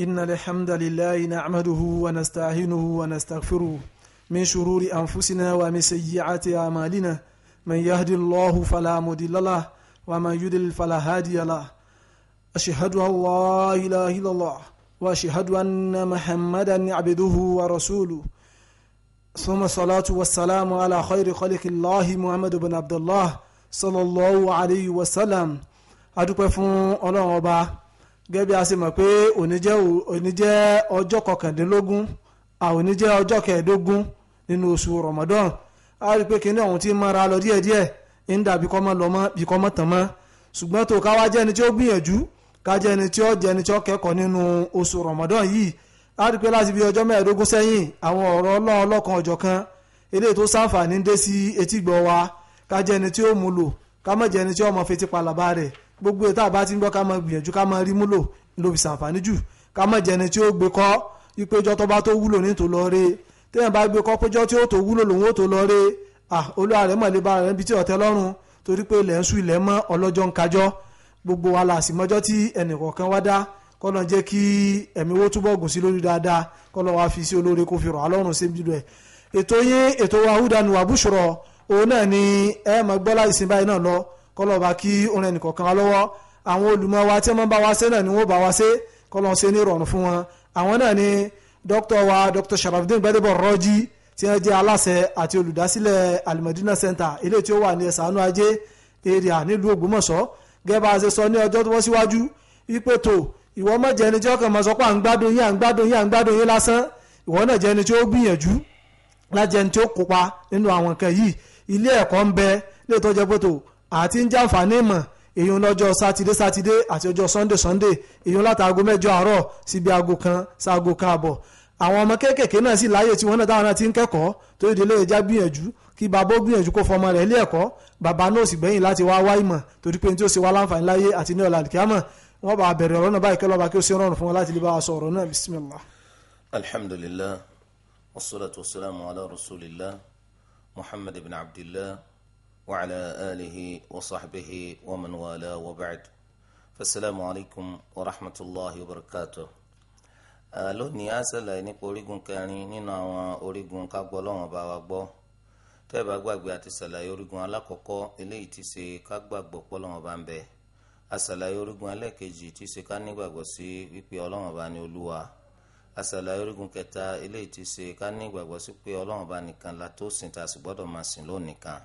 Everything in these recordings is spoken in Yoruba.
إن الحمد لله نعمده ونستعينه ونستغفره من شرور أنفسنا ومن سيئات أعمالنا من يهد الله فلا مضل له ومن يضلل فلا هادي له أشهد أن لا إله إلا الله وأشهد أن محمدا عبده ورسوله ثم الصلاة والسلام على خير خلق الله محمد بن عبد الله صلى الله عليه وسلم أدوك فون الله gẹ́gẹ́ bí a ṣe mọ̀ pé òní jẹ́ òní jẹ́ ọjọ́ kọkàndínlógún àòní jẹ́ ọjọ́ kẹẹ̀ẹ́dógún nínú oṣù Ramadan a rí i pé kíní ọ̀hún ti mọ́ra lọ díẹ̀díẹ̀ ń dàbí kọ́ mọ́ lọ mọ́ bí kọ́ mọ́ tàn mọ́ ṣùgbọ́n tó ká jẹ́ ẹni tí ó gbìyànjú ká ẹni tí ó jẹ́ ẹni tí ó kẹ́kọ̀ọ́ nínú oṣù Ramadan yìí a rí i pé láti bí ọjọ́ mẹ́ẹ̀ẹ́dógún sẹ́yìn àwọn ọ̀rọ̀ ọlọ́ọ̀lọ́kan ọ̀jọ̀kan eléyìí tó sáǹfààní dé sí etígbọ̀ wa ká jẹ́ ẹni tí ó mú lò ká ẹni tí ó mọ fetí palàbá rẹ̀ gbogbo ètò àbá tí ń gbọ́ ká máa gbìyànjú ká máa rí múlò ló fi ṣàǹfààní jù ká máa jẹni tí ó gbé kọ́ wípé ìjọ tó bá tó wúlò ní tó lọ rè téèyàn bá gbé kọ́ péjọ tí ó tó wúlò lòun ó tó lọ rè à olúwa rẹ̀ mọ̀lẹ́ bá rẹ̀ níbi tí ọ̀tẹ́ lọ́rùn torí pé ilẹ̀ ń sú ilẹ̀ mọ́ ọlọ́jọ́ ń kájọ́ gbogbo wa là mọ́jọ́ tí ẹnìkọ̀ọ̀kan wá dá kọ́nà jẹ́ kí ẹ̀mí wo túbọ̀ gùn sí lórí dáadáa kọ́nà wa fi sí olóore kó fi rọ̀ alọ́run sí ibi rẹ̀ ètò yín ètò wa húdanu àbúṣọrọ̀ òun náà ni ẹ máa gbọ́ láì sin báyìí náà lọ kọlọ́ba kí orin ẹnìkọ̀ọ̀kan wa lọ́wọ́ àwọn olùmọ̀ wa tí wọ́n bá wa ṣe náà ni wọ́n bá wa ṣe kọ́lọ́ ṣe ní ìrọ̀rùn fún wọn àwọn náà ni dr wa dr sharafdin gbadebo rọ́jí tí wọ́n jẹ́ aláṣẹ àti olùdásílẹ̀ alimadina center ilé tí ó wà ní ẹ̀sánú ajé èrìà nílùú ògbómọ̀ṣọ́ gẹ́gẹ́ bá a ṣe sọ ní ọjọ́ tó wọ́n síwájú wípé tó ìwọ má jẹ́ ẹni tí ọkàn máa sọ pé à ń gbádùn yín à àti ń jàǹfààní ìmọ̀ èyí lọ́jọ́ sátidé sátidé àti ọjọ́ sunday sunday èyí látàgò mẹ́jọ àárọ̀ síbi aago kan sáago kan àbọ̀ àwọn ọmọ kéékèèké náà sì láàyè tí wọ́n náà táwọn náà ti ń kẹ́kọ̀ọ́ tó ìdílé ìjà gbìyànjú kí bàbá ó gbìyànjú kó fọmọ rẹ̀ ilé ẹ̀kọ́ bàbá náà sì gbẹ̀yìn láti wá wá ìmọ̀ torí pé ní tí ó ṣe wá láǹfààní láyé àti ní ọ̀la àlìkíámọ̀ wọ́n bá bẹ̀rẹ̀ ọ̀rọ̀ náà báyìí kẹ́lọ́ba kí ó ṣe rọrùn fún wọn láti lè bá wa sọ náà bismillah. alhamdulillah wassalatu wassalamu ala rasulillah وعلى آله وصحبه ومن والاه وبعد فالسلام عليكم ورحمة الله وبركاته lónìí a ṣàlàyé nípa orígun kẹrin nínú àwọn orígun kágbọ́ lọ́wọ́n bá wa gbọ́ tẹ́ ẹ bá gbàgbé àti ṣàlàyé orígun alákọ̀ọ́kọ́ eléyìí ti ṣe ká gbàgbọ́ pé Ọlọ́run bá ń bẹ a ṣàlàyé orígun ẹlẹ́ẹ̀kejì ti ṣe ká nígbàgbọ́ sí wípé Ọlọ́run bá ní olúwa a ṣàlàyé orígun kẹta eléyìí ti ṣe ká nígbàgbọ́ sí pé Ọlọ́run bá nìkan la tó sìn tá a sì gbọ́dọ̀ máa sìn lónìkan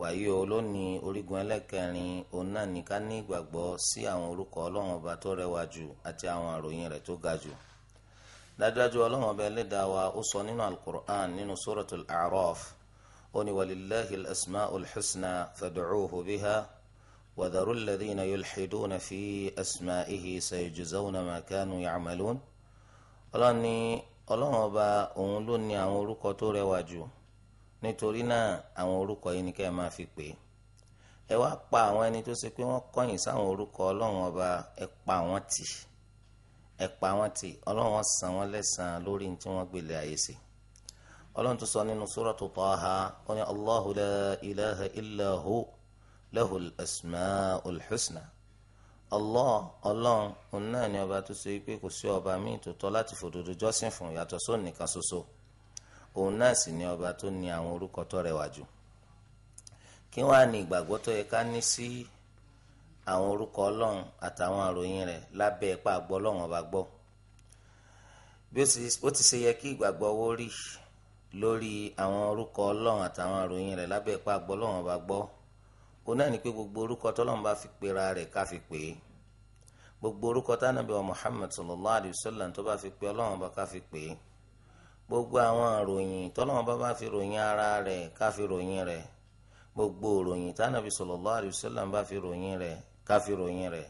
wàyí o lónìí orígun ẹlẹ́kẹrin òun náà ní ká ní ìgbàgbọ́ sí àwọn orúkọ ọlọ́run ọba tó rẹwà jù àti àwọn àròyìn rẹ̀ tó ga jù dájúdájú ọlọ́run ọba ẹlẹ́dàá wa ó sọ nínú alukur'an nínú suratul a'raf ó ní walillahi al-asma'ul husna fad'uuhu biha wadharu alladhina yulhiduna fi asma'ihi sayujzawna ma kanu ya'malun jù nítorí náà àwọn orúkọ yìí ni kẹ́ ẹ máa fi pè é ẹ wá pa àwọn ẹni tó ṣe pé wọ́n kọ̀yìn sáwọn orúkọ ọlọ́run ọba ẹ pa wọ́n tì ẹ pa wọ́n tì ọlọ́run san wọ́n lẹ́sàn lórí tí wọ́n gbélé ayé sí ọlọ́run tó sọ nínú suratu Taha ó ní Allahu la ilaha illa hu lahul asmaul husna Allah ọlọ́run òun náà ni ọba tó ṣe pé kò sí ọba míì tó tọ́ láti fòdodo jọ́sìn fún yàtọ̀ sóun nìkan ṣoṣo. So òun náà sì ni ọba tó ní àwọn orúkọ tó rẹwà jù kí wàá ní ìgbàgbọ́ tó yẹ ká ní sí àwọn orúkọ ọlọ́run àtàwọn àròyìn rẹ̀ lábẹ́ ẹ̀pá àgbọ́ ọlọ́run ọba gbọ́ bí ó ti ṣe yẹ kí ìgbàgbọ́ owó rí lórí àwọn orúkọ ọlọ́run àtàwọn àròyìn rẹ̀ lábẹ́ ẹ̀pá àgbọ́ ọlọ́run ọba gbọ́ òun náà ni pé gbogbo orúkọ tọ́lọ́run bá fi pera rẹ̀ ká fi pè é gbogbo orúkọ tánàbí wa Muhammad sallallahu alayhi wa sallam tó bá fi pè ọlọ́run bá ká fi pè é gbogbo àwọn ìròyìn tọ́lọ́wọ́n bá bá fi ròyìn ara rẹ̀ ká fi ròyìn rẹ̀ gbogbo ìròyìn tánàbí sallallahu alaihi bá fi ròyìn rẹ̀ ká fi ròyìn rẹ̀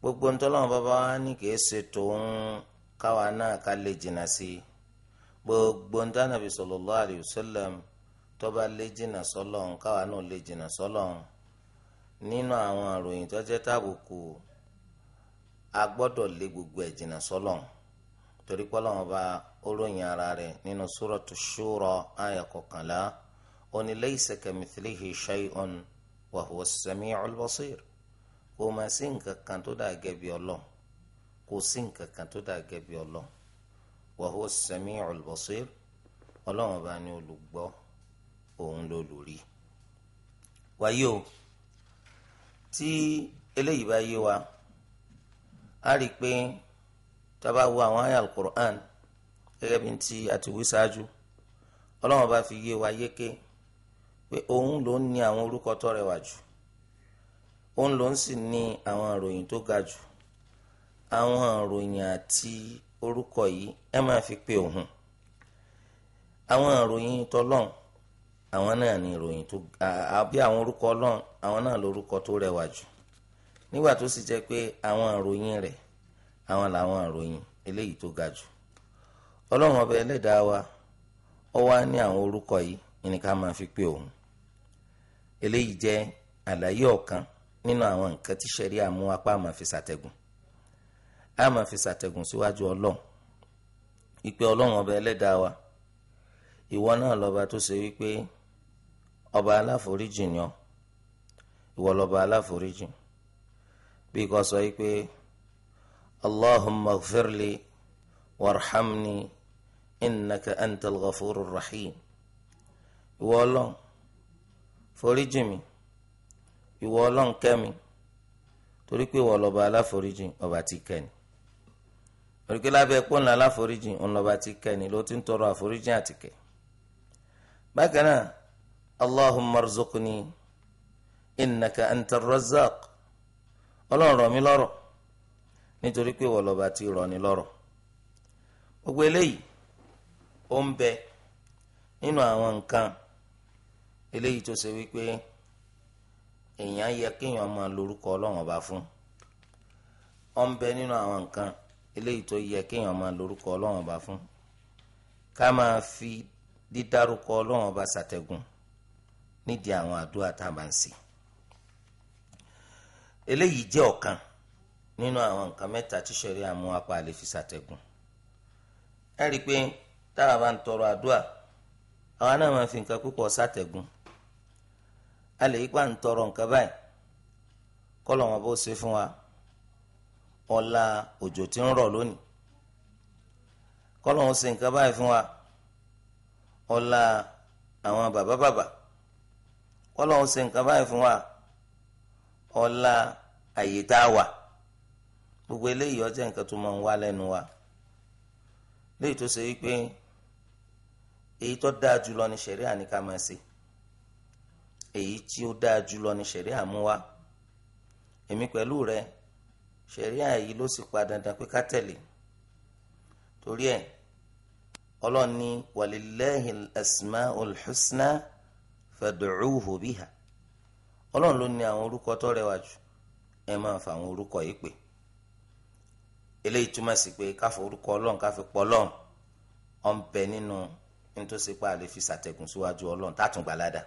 gbogbo ntọ́lọ́wọ́n bá bá wá ní kìí ṣe tòun káwa náà ká lè jìnnà sí i gbogbo ntánàbí sallallahu alaihi wasallam tọ́ba lè jìnnà sọ́lọ́n káwa náà lè jìnnà nínú àwọn gbogbo ẹ̀ jìnnà torí pé Ọlọ́hun Ọba ó ròyìn ara rẹ̀ nínú Suratu Shura àyà kọkànlá ó ní laysa kamithlihi shay'un wa huwa as-sami'ul basir kò má sí nǹkan kan tó dà gẹ́ bí Ọlọ́hun kò sí nǹkan kan tó dà gẹ́ bí Ọlọ́hun wa huwa as-sami'ul Ọba ni olùgbọ́ òun lolùrí wáyé o tí eléyìí bá yé wa a rí i pé tábà wo àwọn àyà alukur'an gẹ́gẹ́ bí ti àti wí ṣáájú ọlọ́run bá fi yé wa yéké pé òun ló ń ní àwọn orúkọ tó rẹwà jù òun ló ń sì ní àwọn ìròyìn tó ga jù àwọn ìròyìn àti orúkọ yìí ẹ máa fi pe òun àwọn ìròyìn tọlọ́run àwọn náà ní ìròyìn tó àbí àwọn orúkọ ọlọ́run àwọn náà lórúkọ tó rẹwà jù nígbà tó sì jẹ́ pé àwọn ìròyìn rẹ̀ àwọn làwọn ìròyìn eléyìí tó ga jù ọlọ́run ọba ẹlẹ́dàá wa ó wá ní àwọn orúkọ yìí ní ká máa fi pé òun eléyìí jẹ́ àlàyé ọ̀kan nínú àwọn nǹkan tí sẹ́rí àmú apá àmà fi ṣàtẹ̀gùn àmà fi ṣàtẹ̀gùn síwájú ọlọ́run ìpè ọlọ́run ọba ẹlẹ́dàá wa ìwọ náà lọ́ba tó ṣe wípé ọba aláforíjì ni ọ ìwọ lọ́ba aláforíjì bí kò sọ wípé. اللهم اغفر لي وارحمني إنك أنت الغفور الرحيم ìwọ ọlọ́run foríjì mi ìwọ ọlọ́run kẹ́mi torí pé ìwọ lọ́ba aláforíjì ọba ti kẹ́ni torí pé lábẹ́ ẹ̀pọ́ ńlá aláforíjì ńlọba ti kẹ́ni ló ti ń tọrọ àforíjì àti kẹ́ bákan náà allahumma rzuqni innaka anta razzaq ọlọ́run rọ̀ nítorí pé wọ́n lọ́ba ti rọ̀ ní lọ́rọ̀ gbogbo eléyìí ó ń bẹ nínú àwọn nǹkan eléyìí tó ṣe wípé èèyàn yẹ kéèyàn máa lórúkọ ọlọ́run ọba fún ó ń bẹ nínú àwọn nǹkan eléyìí tó yẹ kéèyàn máa lórúkọ ọlọ́run ọba fún ká máa fi dídárúkọ ọlọ́run ọba ṣàtẹ̀gùn nídìí àwọn àdúrà tá a máa ń ṣe eléyìí jẹ́ ọ̀kan nínú àwọn nǹkan mẹ́ta tí sẹ̀rí àmú apá lè fi ṣàtẹ̀gùn ẹ rí i pé táwa bá ń tọrọ àdúà àwa náà máa fi nǹkan púpọ̀ ṣàtẹ̀gùn a lè yípa ń tọrọ nǹkan báyìí kọ́lọ̀ wọn bó ṣe fún wa ọ̀la òjò tí ń rọ̀ lónìí kọ́lọ̀ wọn ṣe nǹkan báyìí fún wa ọ̀la àwọn bàbá bàbá kọ́lọ̀ wọn ṣe nǹkan báyìí fún wa ọ̀la àyè tá a wà. gbogbo eléyìí ọjọ́ nǹkan tó máa ń wá lẹ́nu wa léyìí tó ṣe wípé èyí tó dáa jùlọ ní ṣẹ̀ríà ní ká máa ṣe èyí tí ó dáa jùlọ ní ṣẹ̀ríà mú wá èmi pẹ̀lú rẹ ṣẹ̀ríà yìí ló sì pa dandan pé ká tẹ̀lé torí ẹ̀ ọlọ́ni walillahi al-asma'ul husna fad'uuhu biha ọlọ́run ló ní àwọn orúkọ tó rẹwà ẹ máa fa àwọn orúkọ yìí pè eléyìí túmọ̀ sí pé káfọ orúkọ ọlọ́run káfọ pọ̀ ọlọ́run ọ̀ ń bẹ nínú nítòsí pa àlè fi sàtẹ̀gùn síwájú ọlọ́run tátùn gbalada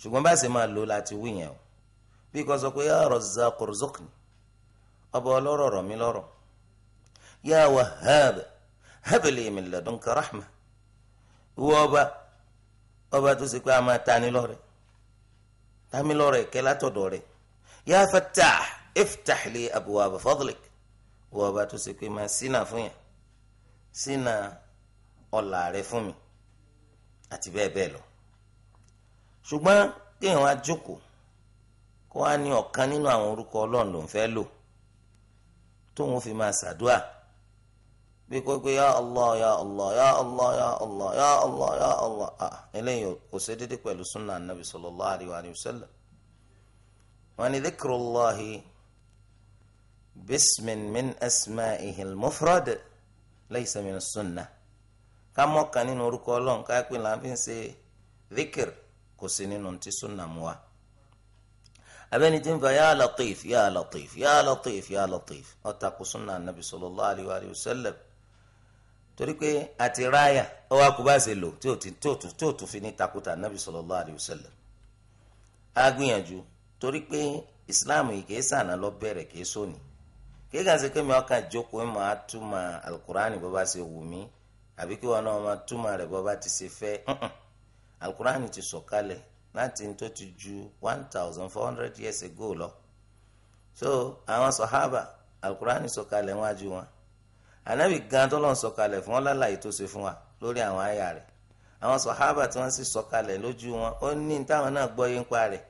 ṣùgbọ́n bá ṣe máa lò láti wí yẹn o bí kò sọ pé yà Razzaq urzuqni ọba ọlọ́rọ̀ rọ̀ mí lọ́rọ̀ yà Wahhab hab li min ladunka rahma wọ ọba ọba tó ṣe pé a máa ta ni lọ́rẹ̀ ta mi lọ́rẹ̀ kẹ́ látọ̀dọ̀ rẹ̀ yà Fattah iftah li abwab fadlik wọ ọba tó ṣe pé máa ṣínà fún yàn ṣínà ọlà rẹ fún mi àti bẹ́ẹ̀ bẹ́ẹ̀ lọ ṣùgbọ́n kéèyàn á jókòó kó wá ní ọ̀kan nínú àwọn orúkọ ọlọ́run ló ń fẹ́ lò tóun fi máa ṣàdúà bí kò pé ya allah ya allah ya allah ya allah ya allah ya allah eléyìí kò ṣe déédéé pẹ̀lú sunnah anabi sallallahu alayhi wa sallam wọn ni dhikrullahi. باسم من أسمائه المفرد ليس من السنة ká mọ́kàn nínú orúkọ ọlọ́run ká pè láti ń ṣe dhikr kò sí nínú ti sunna mu wa. abẹ́ni tí ń fa ya latif ya latif ya latif ya latif ọ̀tà kò sunna anabi sallallahu alayhi wa sallam torí pé àti ráyà ó wá kú bá ṣe lò tí ò tún fi ní takuta anabi sallallahu alayhi wa sallam. a gbìyànjú torí pé islam yìí kìí sànà lọ bẹ̀rẹ̀ kìí sóni. So kéka ṣe pé mi ọkàn jókòó ẹ máa túmọ̀ alukurani bó bá ṣe wù mí àbí kí wọn náà máa túmọ̀ rẹ̀ bó ti ṣe fẹ́ alukurani ti sọ̀kalẹ̀ láti tó ti ju one thousand four hundred years ago lọ so àwọn sọ̀hábà alukurani sọ̀kalẹ̀ wájú wọn ànábì gan tó lọ́n sọ̀kalẹ̀ fún wọn lálàyé tó ṣe fún wa lórí àwọn àyà rẹ̀ àwọn sọ̀hábà tí wọ́n sì sọ̀kalẹ̀ lójú wọn ó ní táwọn náà gbọ́yé ń pa rẹ̀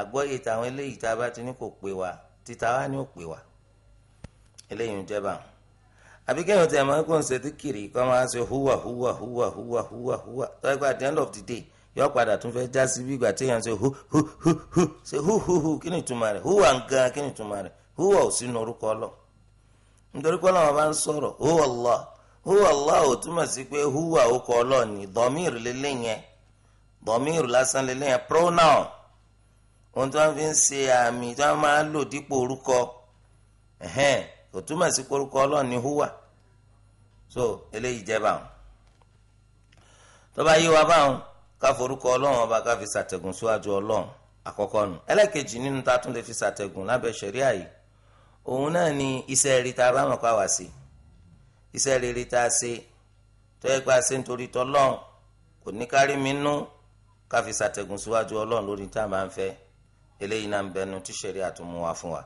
àgbọ́yé táwọn eléyìí tá a bá ti ní kò pè wá títa wá ní ò pè wá. eléyìí ń jẹba àbí kẹ́hìn tí a máa ń kó ń ṣe díkìrì kọ́ máa ṣe at end of the day yọ padà tún fẹ́ já sí gbígbà tí èèyàn ṣe hu hu hu hu ṣe hu hu hu kí ni ìtumọ̀ rẹ̀ huwa nǹkan kí ni ìtumọ̀ rẹ̀ húwà ò sínú orúkọ lọ nítorí pé ọlọ́run bá ń sọ̀rọ̀ húwà lọ húwà lọ ò túmọ̀ sí pé ó lásán pronoun ohun tí wọ́n fi ń ṣe àmì tí wọ́n máa ń lò dípò orúkọ ẹ̀hẹ́n kò túmọ̀ sí korúkọ ọlọ́run ní húwà so eléyìí jẹ́ báwọn tó bá yé wa báwọn ká forúkọ ọlọ́run ọba ká fi ṣàtẹ̀gùn síwájú ọlọ́run àkọ́kọ́ nù ẹlẹ́kejì nínú tá a tún lè fi ṣàtẹ̀gùn lábẹ́ ṣẹ̀ríà yìí òun náà ni iṣẹ́ rí ta bá wọn pa wá sí iṣẹ́ rere tá ṣe tó yẹ pé a ṣe tọ́lọ́run kò ní kárí mi nú ká fi ṣàtẹ̀gùn síwájú ọlọ́run lórí tá a máa ń fẹ́ eléyìí náà ń bẹnu tíṣẹ̀rí àtúmọ̀ wá fún wa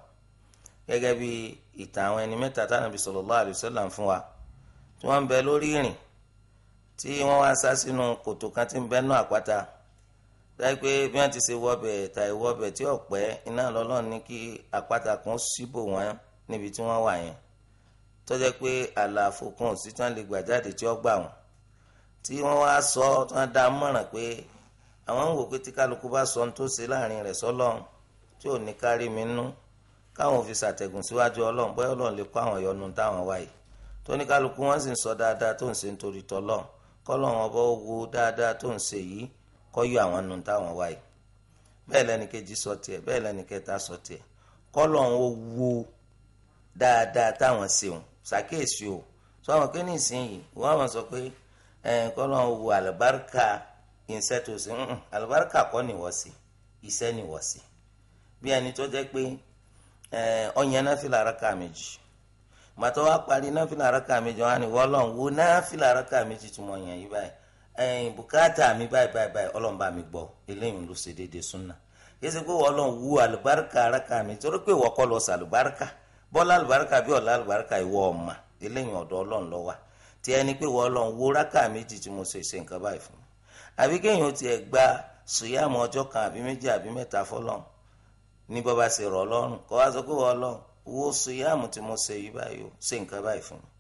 gẹ́gẹ́ bí ìtàn àwọn ẹni mẹ́ta tánàbí sallallahu alaihi wasallam fún wa tí wọ́n ń bẹ lórí ìrìn tí wọ́n wá sá sínú kòtò kan tí ń bẹ náà àpáta dáì pé bí wọ́n ti ṣe wọ́bẹ̀ ta ìwọ́bẹ̀ tí ọ̀pẹ́ iná lọ́lọ́run ní kí àpáta kan síbò wọ́n níbi tí wọ́n wà yẹn tó pé àlàfo kan ò sí tán lè gbà jáde tí ó gbà wọ́n tí wọ́n wá sọ tí wọ́n dá mọ̀ràn pé àwọn ń wò pé tí kálukú bá sọ ohun tó ṣe láàrin rẹ̀ sọ́lọ́run tí ò ní kárí mi nú káwọn fi ṣàtẹ̀gùn síwájú ọlọ́run bóyá ọlọ́run lè kó àwọn yọnu táwọn wáyé tóníkálukú wọn sì ń sọ dáadáa tó ń ṣe nítorí tọlọ́run kọ́lọ́run ọba ó wo dáadáa tó ń ṣe yìí kó yọ àwọn nu táwọn wáyé bẹ́ẹ̀ lẹ́nìkejì sọ tiẹ̀ bẹ́ẹ̀ lẹ́nìkẹta sọ tiẹ̀ kọ́lọ́run ó wo dáadáa táwọn ṣeun ṣàkíyèsí o sọ àwọn kí ní ìsinyìí wọ́n máa sọ pé kọ́lọ́run wo àlùbáríkà iṣẹ́ tó ọ̀yàn eh, náfìlà araka méjì gbàtọ́ wa parí náfìlà araka méjì wọn á ní wọ́lọ́n wo náfìlà araka méjì tí mo yàn yí báyìí ẹ̀yìn bùkátà mi báyìí báyìí báyìí ọlọ́run bá mi gbọ́ eléyìí ló ṣe déédéé súnà yéésì pé wọ́lọ́n wo àlùbáríkà araka mi torí pé ìwọ kọ́ lọ sàlùbáríkà bọ́lá àlùbáríkà bí ọ̀la àlùbáríkà ìwọ ọ̀ma eléyìí ọ̀dọ̀ ọlọ́run ló wà tí ẹni pé wọ́lọ́n wo raka ní bọ́ba ṣe rọ̀ ọlọ́run kọ́ wá sọ pé wọ́n lọ wo sùyàmù tí mo ṣe yìí báyìí o ṣe nǹkan báyìí fún mi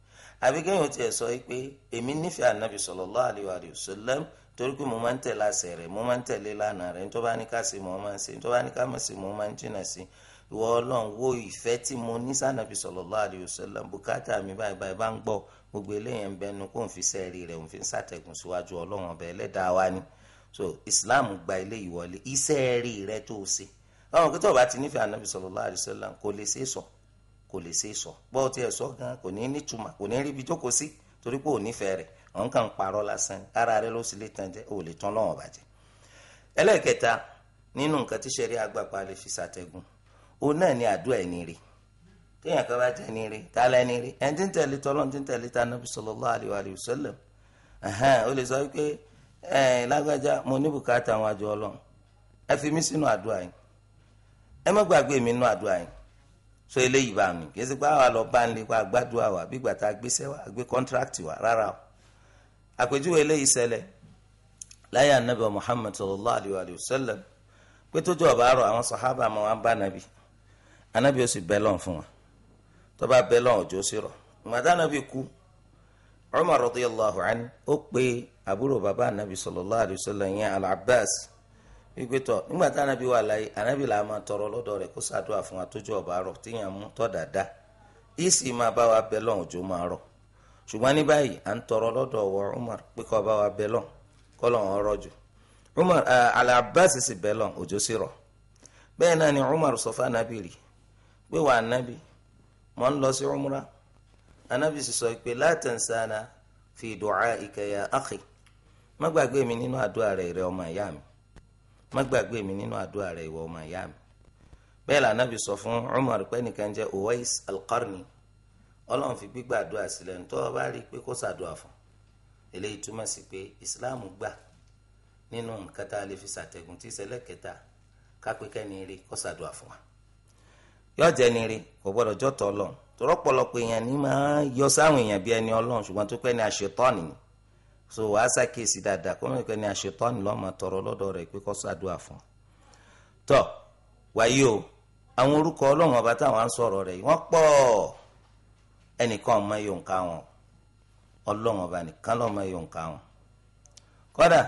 àbí kéèyàn tiẹ̀ sọ pé èmi nífẹ̀ẹ́ ànábì sallallahu alaihi wasallam torí pé mo máa ń tẹ̀lé àṣẹ rẹ̀ mo máa ń tẹ̀lé lánàá rẹ̀ tó bá ní ká ṣe mo máa ń ṣe tó bá ní ká má ṣe mo máa ń jìnnà sí ìwọ ọlọ́run wo ìfẹ́ tí mo ní sànàbì sallallahu alaihi wasallam bùkátà mi báyìí báyìí bá ń gbọ́ gbogbo eléyẹn bẹnu kó n fi sẹ́ẹ̀rí rẹ̀ n fi sàtẹ̀gùn síwájú ọlọ́run ọbẹ̀ ẹlẹ́dàá wa ni so Islam gba eléyìí wọlé iṣẹ́ rí rẹ tó o ṣe àwọn kí tó o bá ti nífẹ̀ẹ́ anabi sallallahu alaihi wasallam kò lè ṣe é sọ kò lè ṣe é sọ bọ́ ọ ti ẹ̀ sọ gan kò ní í nítumọ̀ kò ní í ríbi jókòó sí torí pé ò nífẹ̀ẹ́ rẹ̀ òun kàn ń parọ́ lásán ara rẹ̀ ló sì lè tàn jẹ́ ò lè tán lọ́wọ́n bàjẹ́ ẹlẹ́ẹ̀kẹta nínú nǹkan tí sẹ́rí agbápá lè fi ṣàtẹ̀gùn òun náà ni àdúrà ẹni rè téèyàn kan bá jẹ́ ẹni rè ta ẹni rè ẹni tí ń tẹ̀lé tọ́lọ́n ń tẹ̀lé ta ẹ má gbàgbé mi nínú àdúrà yín so eléyìí bá mi kì í sí pé àwa lọ bá ń lépa àgbàdua wa bí gbàtà gbéṣẹ́ wa àgbé kọ́ńtrákìtì wa rárá o àpèjúwe eléyìí ṣẹlẹ̀ láyé anabi muhammed sallallahu alayhi wa sallam pé tójú ọba àrò àwọn sàhábà máa ń bá anabi anabi ó sì bẹ́lọ̀n fún wa tó bá bẹ́lọ̀n òjò sí rọ̀ màdá anabi kú umar radiyallahu anhu ó pe àbúrò bàbá anabi sallallahu alayhi wa sallam yẹn al-abbas wípé tọ nígbà tí anabi wà láyé anabi là máa tọrọ lọ́dọ̀ rẹ̀ kó ṣàdúrà fún wa tójú ọba rọ tíyàn mú tọ dáadáa ìsì máa bá wa bẹ lọ́hùn jó máa rọ ṣùgbọ́n ní báyìí à ń tọrọ lọ́dọ̀ wọ Umar pé kó bá wa bẹ lọ́hùn kó lọ́hùn ọrọ̀ jù Umar Al-Abbas sì bẹ lọ́hùn òjò sì rọ̀ bẹ́ẹ̀ náà ni Umar sọ fún anabi rí pé wà anabi mọ̀ ń lọ sí umra anabi sì sọ pé la tansana fi du'aika ya akhi má gbàgbé mi nínú àdúrà rẹ̀ ọmọ ìyá mi má gbàgbé mi nínú àdúrà rẹ ìwọ ọmọ ìyá mi bẹ́ẹ̀ lànàbì sọ fún Umar pé nìkan jẹ́ Uwais al-Qarni ọlọ́run fi gbígbà àdúrà sílẹ̀ ntọ́ bá rí i pé kó sàdúrà fún eléyìí túmọ̀ sí pé Islam gbà nínú nǹkan tá a lè fi sàtẹ̀gùn tí ìṣẹ̀lẹ̀ kẹta kápẹ́ kẹ́ni rí kó sàdúrà fún wa yóò jẹ́ ni rí kò gbọ́dọ̀ jọ́tọ̀ ọlọ́run tọ́rọ́pọ̀lọpọ̀ èèyàn ní máa yọ sáwọn èèyàn bí ẹni ọlọ́run ṣùgbọ́n tó pẹ́ ni àṣetọ́ni ni so wàá ṣàkíyèsí dáadáa kọ́ mẹ́kẹ́ ni àṣetọ́ni lọ́mọ tọrọ lọ́dọ̀ rẹ pé kọ́ ṣàdúrà fún un tọ wáyé o àwọn orúkọ ọlọ́run ọba táwọn á ẹnìkan ọmọ wọn ọlọ́run ọba nìkan lọ́mọ yóò ń wọn kódà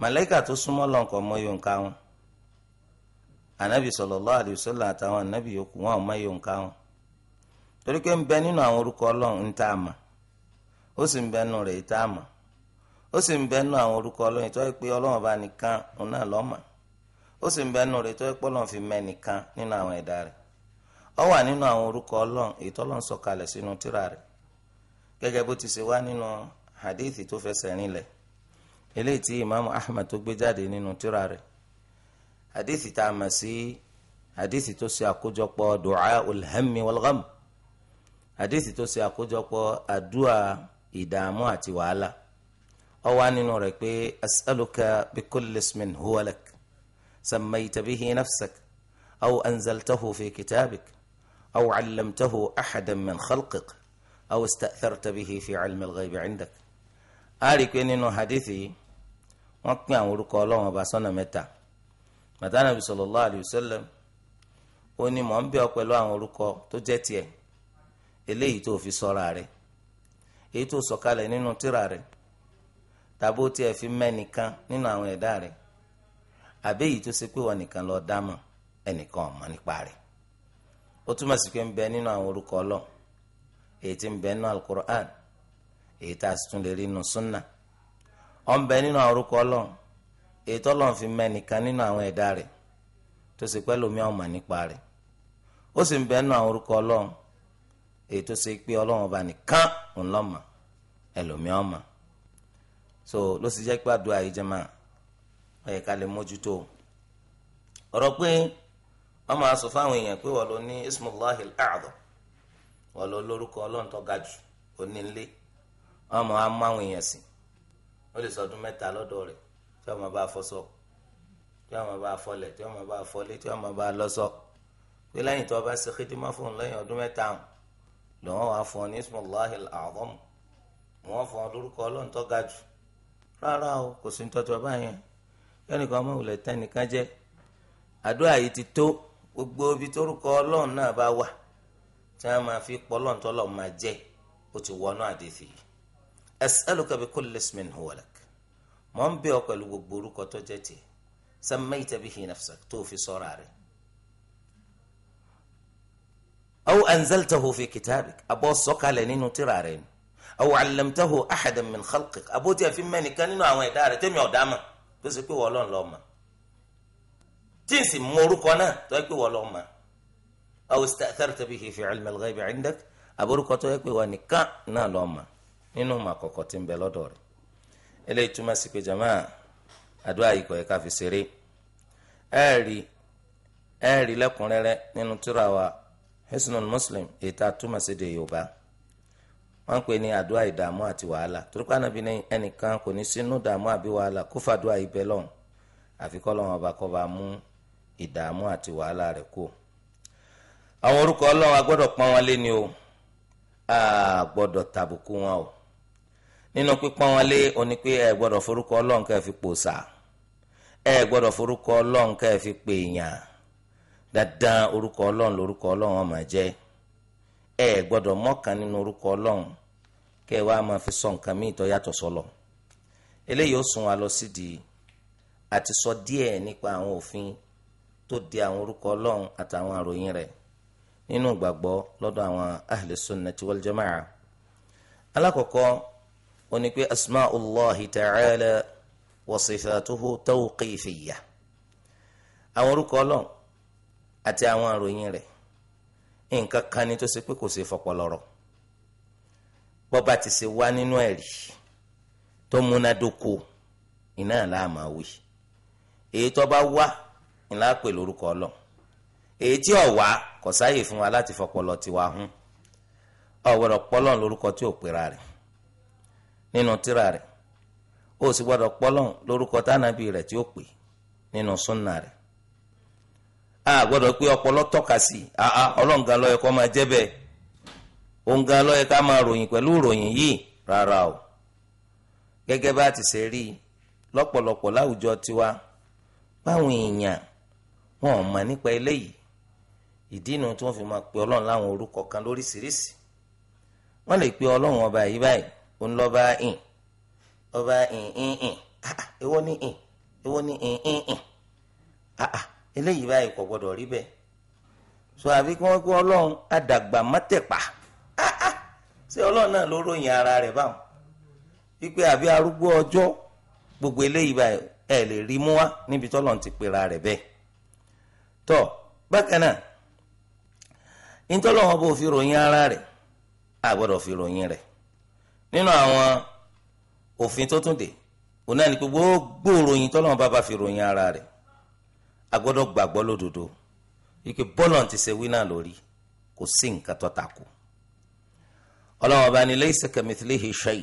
màláìkà tó súnmọ́ lọ́nkọ̀ ọmọ yóò ń wọn ànábì sallallahu alaihi wasallam àtàwọn ànábì yòókù wọn ọmọ ó sì ń bẹnu rẹ̀ tá a ó sì ń bẹnu àwọn orúkọ ọlọ́run tó yẹ pé ọlọ́run bá nìkan òun náà lọ́mọ̀ ó sì ń bẹnu rẹ̀ tó yẹ pé fi mẹ́nìkan nínú àwọn ẹ̀dá rẹ̀ ó wà nínú àwọn orúkọ ọlọ́run èyí tó lọ́n sọ̀kalẹ̀ sínú rẹ̀ gẹ́gẹ́ bó ti ṣe wá nínú hadithi tó fẹsẹ̀ rinlẹ̀ eléyìí tí hadithi tá a mọ̀ sí hadithi tó ṣe àkójọpọ̀ ìdààmú àti wàhálà ó wà nínú rẹ̀ pé as'aluka bikulli ismin huwa lak sammayta bihi nafsak aw anzaltahu fi kitabik aw callamtahu axadan min khalqik aw ista'tharta bihi fi calmi alghaybi cindak a rí i pé nínú hadithi wọ́n pín àwọn orúkọ ọlọ́run ọba sọ́nà mẹ́ta màtánà bí sallallahu alayhi ó ní mò ń bẹ̀ ọ́ pẹ̀lú àwọn orúkọ tó jẹ́ tiẹ̀ eléyìí tó fi sọ́ra rẹ̀ èyí tó sọ̀kalẹ̀ nínú tírà rẹ̀ tàbó tiẹ̀ fi mẹ́nìkan nínú àwọn ẹ̀dá rẹ̀ àbí èyí tó ṣe pé wọn nìkan lọ dámọ̀ ẹnìkan ò nípa rẹ̀ ó túmọ̀ sí pé ń bẹ nínú àwọn orúkọ ọlọ, èyí tí ń bẹ nínú alukur'an èyí tá a sì tún lè rí nínú sunna orúkọ ọlọ, èyí tó lọ́n fi mẹ́nìkan nínú àwọn ẹ̀dá rẹ̀ tó ṣe nípa rẹ̀ ó sì ń bẹ orúkọ èyí tó ṣe pé ọlọ́run ọba nìkan ńlọ́mọ ẹlòmíì ọmọ so ló sì jẹ́ pé àdúrà yìí jẹ́ máa ó yẹ ká lè mójútó ọ̀rọ̀ pé wọ́n máa sọ fáwọn èèyàn pé wọ́n ló ní ismullahi al-a'zam wọ́n ló lórúkọ ọlọ́run tó ga jù onílé wọ́n máa mú àwọn èèyàn sí ó lè sọdún mẹ́ta lọ́dọ̀ rẹ̀ tí wọ́n bá fọ́sọ̀ tí wọ́n bá fọlẹ̀ tí wọ́n bá fọlé tí wọ́n bá lọ́sọ̀ pé lẹ́yìn tó o bá ṣe xidimá fún un lẹ́yìn ọdún mẹ́ta hàn lọ́wọ́ wàá fún ọ ní ismullahi al-azam wọ́n fún ọ lórúkọ ọlọ́run tó ga jù rárá o kò sí tọ́tù ọba yẹn ẹnìkan ọmọ ìwòlẹ̀ tẹnìkan jẹ́ àdúrà yìí ti tó gbogbo ibi tórúkọ ọlọ́run náà bá wà tí wọ́n máa fi pọ́ ọlọ́run tó lọ́ọ́ máa jẹ́ ó ti wọnú àdéhì yìí as'aluka bi kulli ismin huwa lak mò ń bẹ̀ ọ́ pẹ̀lú gbogbo orúkọ tó jẹ́ tiẹ̀ sammayta bihi nafsak tó fi sọ́ra rẹ̀ aw anzaltahu fi kitabik abọ́ sọ́kalẹ̀ nínú tírà rẹ̀ ni aw allamtahu ahadan min khalqik abó tí a e fi mẹ́nìkan nínú àwọn ẹ̀dá rẹ̀ tẹ́mi ọ̀dá mà tó ṣe pé wọ́n lọ́n lọ́ọ́ mà tí n sì mọ orúkọ náà tó ṣe pé wọ́n lọ́ọ́ mà aw ista'tharta bihi fi ilmi al-ghaybi indak aborúkọ tó ṣe pé wọ́n nìkan náà lọ́ọ́ mà nínú mà kọ̀kọ̀ tí ń bẹ lọ́dọ̀ rẹ̀ jamaa àdúrà yìí kò yẹ e ká fi ṣeré ẹ̀ẹ́rì e ẹ̀ẹ́rì lẹ́kùnrẹ́rẹ́ nínú tírà wa hesnon muslim ètò àtúmọ̀ sí de yorùbá wọ́n ń pè ní àdúrà ìdààmú àti wàhálà torípé ànábì ní ẹnìkan kò ní sínú dààmú àbí wàhálà kó fàdúrà ibẹ̀ lọ́hùn àfi kọ́ lọ́wọ́n ọba kọ́ bá mú ìdààmú àti wàhálà rẹ̀ kú. àwọn orúkọ ọlọ́run a gbọ́dọ̀ pọ́n wọn lé ni o a tàbùkù wọn o nínú pípọ́n wọn lé o ní pé ẹ gbọ́dọ̀ forúkọ ọlọ́run kẹ́ fi pòṣà ẹ gbọ́dọ̀ forúkọ ọlọ́run kẹ́ ẹ fi pèèyàn dandan orúkọ ọlọ́run lórúkọ ọlọ́run ó máa jẹ́ ẹ gbọ́dọ̀ mọ́kàn nínú orúkọ ọlọ́run kẹ́ ẹ wá máa fi sọ nǹkan míì tó yàtọ̀ sọlọ eléyìí ó sún wa lọ sídìí àti sọ díẹ̀ nípa àwọn òfin tó de àwọn orúkọ ọlọ́run àtàwọn àròyìn rẹ̀ nínú ìgbàgbọ́ lọ́dọ̀ àwọn ahli sunnati wal jamaa alákọ̀ọ́kọ́ ó ní pé asma'ullahi ta'ala wa tawqifiyya àwọn orúkọ ọlọ́run àti àwọn àròyìn rẹ̀ nǹkan kan ni tó ṣe pé kò ṣe fọpọlọrọ bọba ti ṣe wá nínú ẹ̀rí tó múnádóko iná láàmà wí èyí tó bá wá ńlá pè lórúkọ Ọlọ́run èyí tí ò wá kò sáàyè fún wa láti fọpọlọ tiwa hún ọ̀wọ́dọ̀ pọ́lọ́n lórúkọ tí ò pera rẹ̀ nínú tírà rẹ̀ ó sì gbọ́dọ̀ pọ́lọ́n lórúkọ tánàbí rẹ̀ tí ó pè nínú súnà rẹ̀ a gbọ́dọ̀ pé ọpọlọ tọ́ka sí àá ọlọ́ǹgá ló yẹ kó máa jẹ́ bẹ́ẹ̀ òǹgá ló yẹ ká máa ròyìn pẹ̀lú ròyìn yìí rárá o gẹ́gẹ́ bá ti ṣe rí lọ́pọ̀lọpọ̀ láwùjọ tiwa báwọn èèyàn wọn ò mọ̀ nípa eléyìí ìdí inú tí wọ́n fi máa pe ọlọ́run láwọn orúkọ kan lóríṣiríṣi wọ́n lè pe ọlọ́run ọba yìí báyìí òun lọ́ba ìn ọba ìn ìn ìn èwo ni ìn èwo ni ìn ìn ìn eléyìí báyìí kò gbọdọ̀ rí bẹ́ẹ̀ so àbí kí wọ́n kó ọlọ́run àdàgbà mọ́tẹ̀pà ah, ah. ṣé ọlọ́run náà ló ròyìn ara rẹ̀ báwọn wípé àbí arúgbó ọjọ́ gbogbo eléyìí báyìí ẹ lè rí mú wá níbi tọ́lọ́run ti pera rẹ̀ bẹ́ẹ̀ tọ́ bákan náà ntọ́lọ́wọ́n bó fi ròyìn ara rẹ̀ àgbọ̀dọ̀ fi ròyìn rẹ̀ nínú àwọn òfin tó tún dé òun náà ní gbogbo ròyìn tọ́lọ́wọ́n bá bá fi ròyìn ara rẹ̀ a gbọ́dọ̀ gbàgbọ́ lódodo wípé bọ́ọ̀lù ti ṣe wínà lórí kò sí nǹkan tó takò ọlọ́wọ́n bá ní laysa kamithlihi shay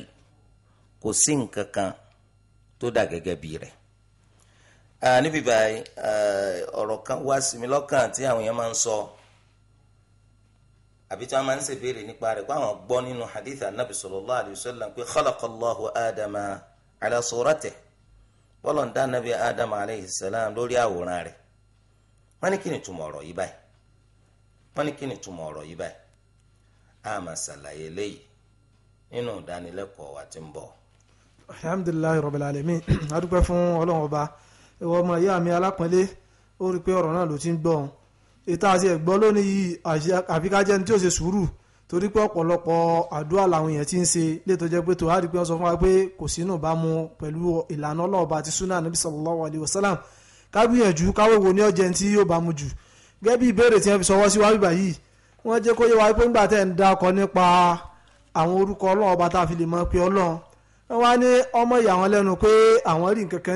kò sí nǹkan kan tó dà gẹ́gẹ́ bí rẹ̀ níbi báyìí ọ̀rọ̀ kan wá sí mi lọ́kàn tí àwọn èèyàn máa ń sọ àbí tí wọ́n máa ń ṣèbéèrè nípa rẹ̀ pé àwọn gbọ́ nínú hadith anabi sallallahu alayhi pé khalaqa Allahu Adama ala tọ́lọ̀ ń dá nàbí adam aleyhi salam lórí àwòrán rẹ̀ wọ́n ní kí ni túmọ̀ ọ̀rọ̀ yìí báyìí wọ́n ní kí ni túmọ̀ ọ̀rọ̀ yìí báyìí a máa ṣàlàyé léyìí nínú ìdánilẹ́kọ̀ọ́ wa tí ń bọ̀. alhamdulilayi rabbil alamin a dúpẹ́ fún ọlọ́run ọba ìwọ ọmọ ìyá mi alápọ̀nlé ó rí i pé ọ̀rọ̀ náà ló ti ń gbọ́ ìta àti ẹ̀gbọ́ lónìí yìí àfi ní tí ó ṣe sùúrù torí pé ọ̀pọ̀lọpọ̀ àdúrà làwọn èèyàn ti ń ṣe létò jẹ́ pé tó a rí pé wọ́n sọ fún wa pé kò sínú ìbámu pẹ̀lú ìlànà ọlọ́ọ̀ba àti sunnah nabi sallallahu alayhi wa sallam kábíyànjú káwéwo ní ọ̀jẹ̀ tí yóò bámu jù gẹ́gẹ́ bí ìbéèrè tí wọ́n fi sọwọ́ sí wa bíbà wọ́n jẹ́ kó yé wa pé ńgbà tẹ̀ ń da ọkọ̀ nípa àwọn orúkọ ọlọ́ọ̀ba tá a fi lè mọ̀ pé ọlọ́run wọ́n wá ní ọmọ ìyá wọn lẹ́nu pé àwọn rí nǹkan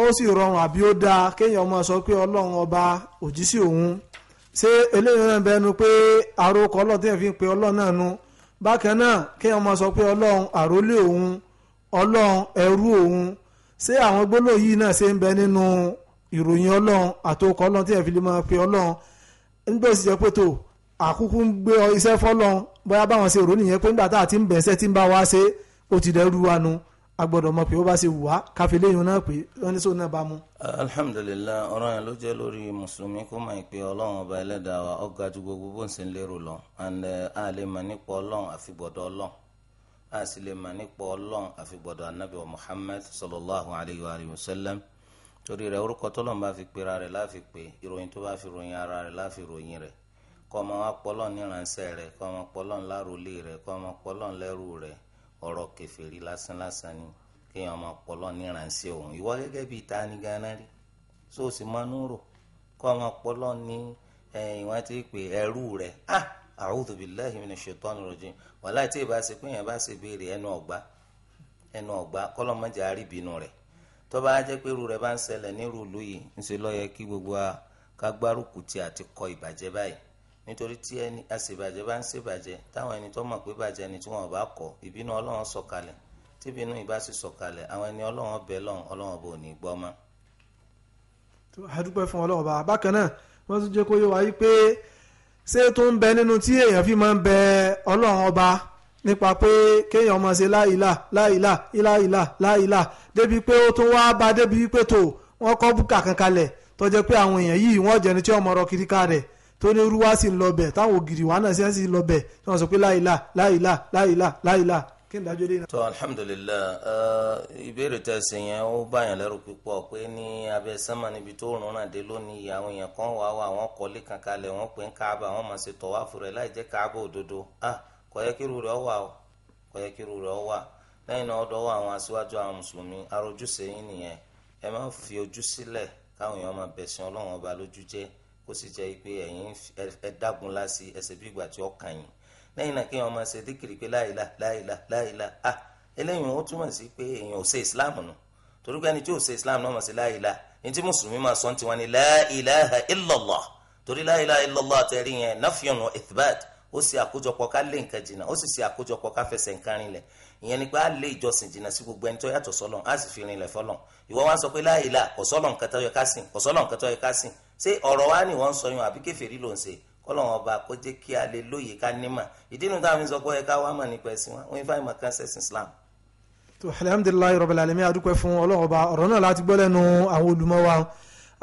ó sì rọrùn àbí ó dáa kéèyàn máa sọ pé ọlọ́run ọba òjíṣẹ́ òun ṣé eléyìí náà bẹnu pé àròkọ ọlọ́run tí fi pe ọlọ́run náà nu bákan náà kéèyàn máa sọ pé ọlọ́run àrólé òun ọlọ́run ẹrú òun ṣé àwọn gbólóò yìí náà ṣe bẹ nínú ìròyìn ọlọ́run àtòkọ fi lè máa pe ọlọ́run nígbà tó jẹ́ pé tó àkúkú ń gbé wa ṣe ó ti dẹ́rù a gbọ́dọ̀ mọ̀ pé ó bá ṣe wà káfí léyìn náà pé wọ́n ní sóun náà bá mú. alhamdulillah ọ̀rọ̀ yẹn ló jẹ́ lórí mùsùlùmí kó máa ń pe ọlọ́run ọba ẹlẹ́dàá wa ọ̀gá ju gbogbo bó ń ṣe ń lérò lọ and eh, a lè mọ̀ nípa ọlọ́run àfi gbọ́dọ̀ ọlọ́run a sì lè mọ̀ nípa ọlọ́run àfi gbọ́dọ̀ anabi wa muhammad sallallahu alayhi wa sallam torí rẹ̀ orúkọ tọ́lọ́run bá fi pera rẹ̀ láfi pé ìròyìn tó bá fi ròyìn ara rẹ̀ láfi ròyìn rẹ̀ kọ́ ọmọ wa níranṣẹ́ rẹ̀ kọ́ ọmọ pọ́lọ́n lárólé rẹ̀ kọ́ ọmọ pọ́lọ́n lẹ́rù rẹ̀ ọ̀rọ̀ kẹfẹ́rí lásán ni kéèyàn máa pọlọ níránṣẹ́ òun ìwọ gẹ́gẹ́ bíi ta ni gánà rí so o sì máa ń rò kó ọmọ pọlọ ní ìwọ́n ti pè ẹrú rẹ̀ ah a'udhu billahi minash shaitanir rajim wàhálà tí ṣe pé èèyàn bá ṣe béèrè ẹnu ọ̀gbá ẹnu ọ̀gbá àríbínú rẹ̀ tó bá jẹ́ pé irú rẹ̀ bá ń ṣẹlẹ̀ nírú nítorí tí ẹni àṣebàjẹ́ bá ń ṣèbàjẹ́ táwọn ẹni tó mọ̀ pé bàjẹ́ ni tí wọ́n bá kọ̀ ìbínú ọlọ́run sọ̀kalẹ̀ tíbínú ìbá sì sọ̀kalẹ̀ àwọn ẹni ọlọ́run bẹ̀ lọ́run ọlọ́run bò ní gbọ́ mọ́. àdúpẹ́ fún ọlọ́run bá bákan náà wọ́n tún jẹ́ kó yé wa yí pé ṣé tó ń bẹ nínú tí èèyàn fi máa ń bẹ ọlọ́run ọba nípa pé kéèyàn máa ṣe láìlà láìlà láìlà láìlà débi pé ó tún wá bá débi pé tó wọ́n kọ́ búkà kankalẹ̀ tó jẹ́ pé àwọn èèyàn yìí wọ́n jẹ́ni tí wọ́n mọ̀rọ̀ kiri ká rẹ̀ tó ní irú wá sí ń lọbẹ̀ táwọn ògiri wà náà sí ń lọbẹ̀ tí wọ́n sọ pé láìlà láìlà láìlà láìlà kí n dájú dé iná. tó alhamdulilayi ìbéèrè tẹ̀sí yẹn ó báyàn lẹ́rù púpọ̀ pé ní abẹ́ sánmà níbi tó rùn náà dé lónìí àwọn èèyàn kan wà wà wọ́n kọ́lé kankalẹ̀ wọ́n pè ń káàbà wọ́n máa ṣe tọ̀wáfù rẹ̀ láì jẹ́ káàbà òdodo kọ̀yẹ́kìrú rẹ̀ wà o kọ̀yẹ́kìrú rẹ̀ wà lẹ́yìn náà ọ̀dọ̀ wà àwọn aṣíwájú àwọn mùsùlùmí arójúṣe yín nìyẹn ẹ má fi ojú sílẹ̀ káwọn èèyàn máa bẹ̀sìn ọlọ́run ọba lójú jẹ́ kó sì jẹ́ pé ẹ̀yin ẹ dágun láti ẹsẹ̀ bí ìgbà tí ó kàn yín lẹ́yìn náà kéèyàn máa ṣe díkìrì pé láìla láìla láìla à eléyìí ó túmọ̀ sí pé èèyàn ò ṣe islam nù torí pé ẹni tí ò ṣe islam náà máa ṣe láìla ní tí mùsùlùmí máa sọ tiwọn ni láìláha illallah torí láìláha illallah àtẹ̀rí yẹn nafyun wa ithbat ó sì àkójọpọ̀ ká lé nǹkan jìnnà ó sì sì àkójọpọ̀ ká fẹsẹ̀ nǹkan rinlẹ̀ ìyẹn ni pé á lé ìjọsìn jìnnà sí gbogbo ẹni tó yàtọ̀ sọ́lọ̀ á sì fi rinlẹ̀ fọ́lọ̀ ìwọ wá sọ pé láìláha kò nǹkan tó yẹ ká sìn kò nǹkan tó yẹ ká sìn ṣé ọ̀rọ̀ wa ni wọ́n ń sọ yun àbí kèfèrí ló ń ṣe kọ́lọ̀ wọn bá kó jẹ́ kí a lè lóye ká nímà ìdí inú táwọn sọ pé ká wá mà nípa ẹ̀sìn wa wọ́n fà ìmọ̀ kan ṣẹ̀sìn Islam. tó alhamdulilayi rabbil alamin adúpẹ́ fún ọlọ́run ọba ọ̀rọ̀ náà láti gbọ́ lẹ́nu àwọn olùmọ̀ wa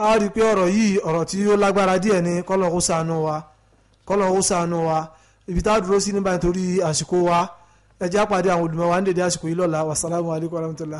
a rí i pé ọ̀rọ̀ yìí ọ̀rọ̀ tí ó lágbára díẹ̀ ni kọ́lọ̀ ó ṣàánú wa kọ́lọ̀ ó ṣàánú wa ibi tá a